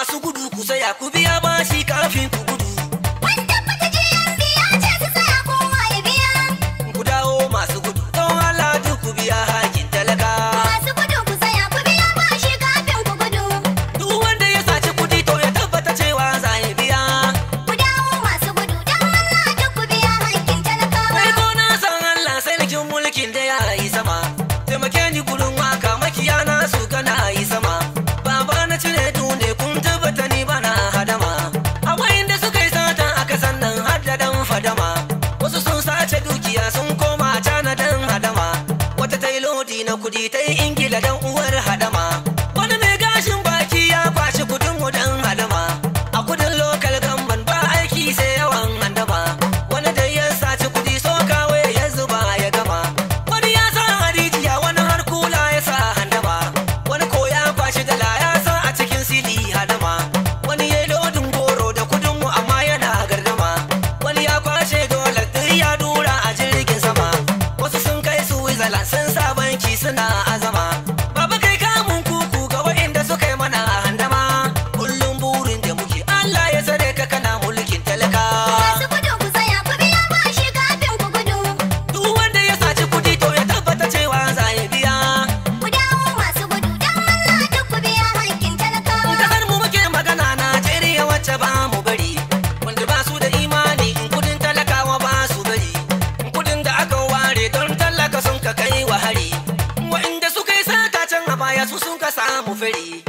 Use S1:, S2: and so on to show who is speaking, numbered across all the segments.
S1: Masu gudu ku saya ku biya bashi kafin ku gudu. Wanda mata je an biya ce su saya kowa ya biya. Ku dawo masu gudu don Allah duk ku biya hakin talaka. Masu gudu ku saya ku biya bashi kafin ku gudu. Duk wanda ya saci kudi to ya tabbata cewa za ya biya. Ku dawo masu gudu don Allah duk ku biya hakin talaka. Kai ko na san Allah sarkin mulkin da na kudi ta ingila dan uwar hadama su sun ka samu fari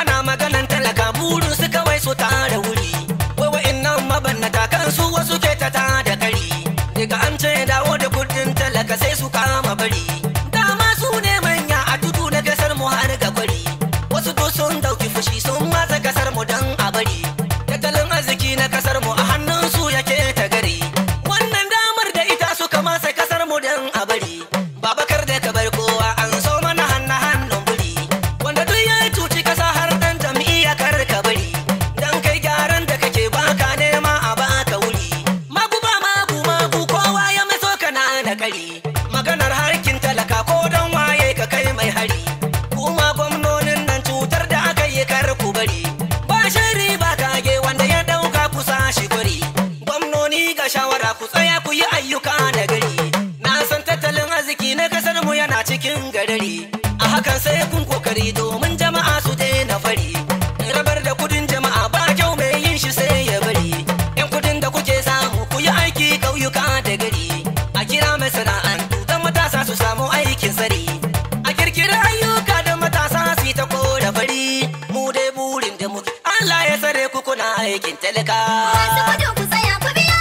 S1: ana maganan talaka burin su kawai su tare wuri fari-fari domin jama'a su daina fari rabar da kudin jama'a ba kyau mai yin shi sai ya bari in kudin da kuke samu ku yi aiki ƙauyuka da gari a kira masana'antu don matasa su samu aikin sari a kirkiri ayyuka da matasa su ta da fari mu dai burin da muke Allah ya sare ku kuna aikin talaka ku tsaya ku biya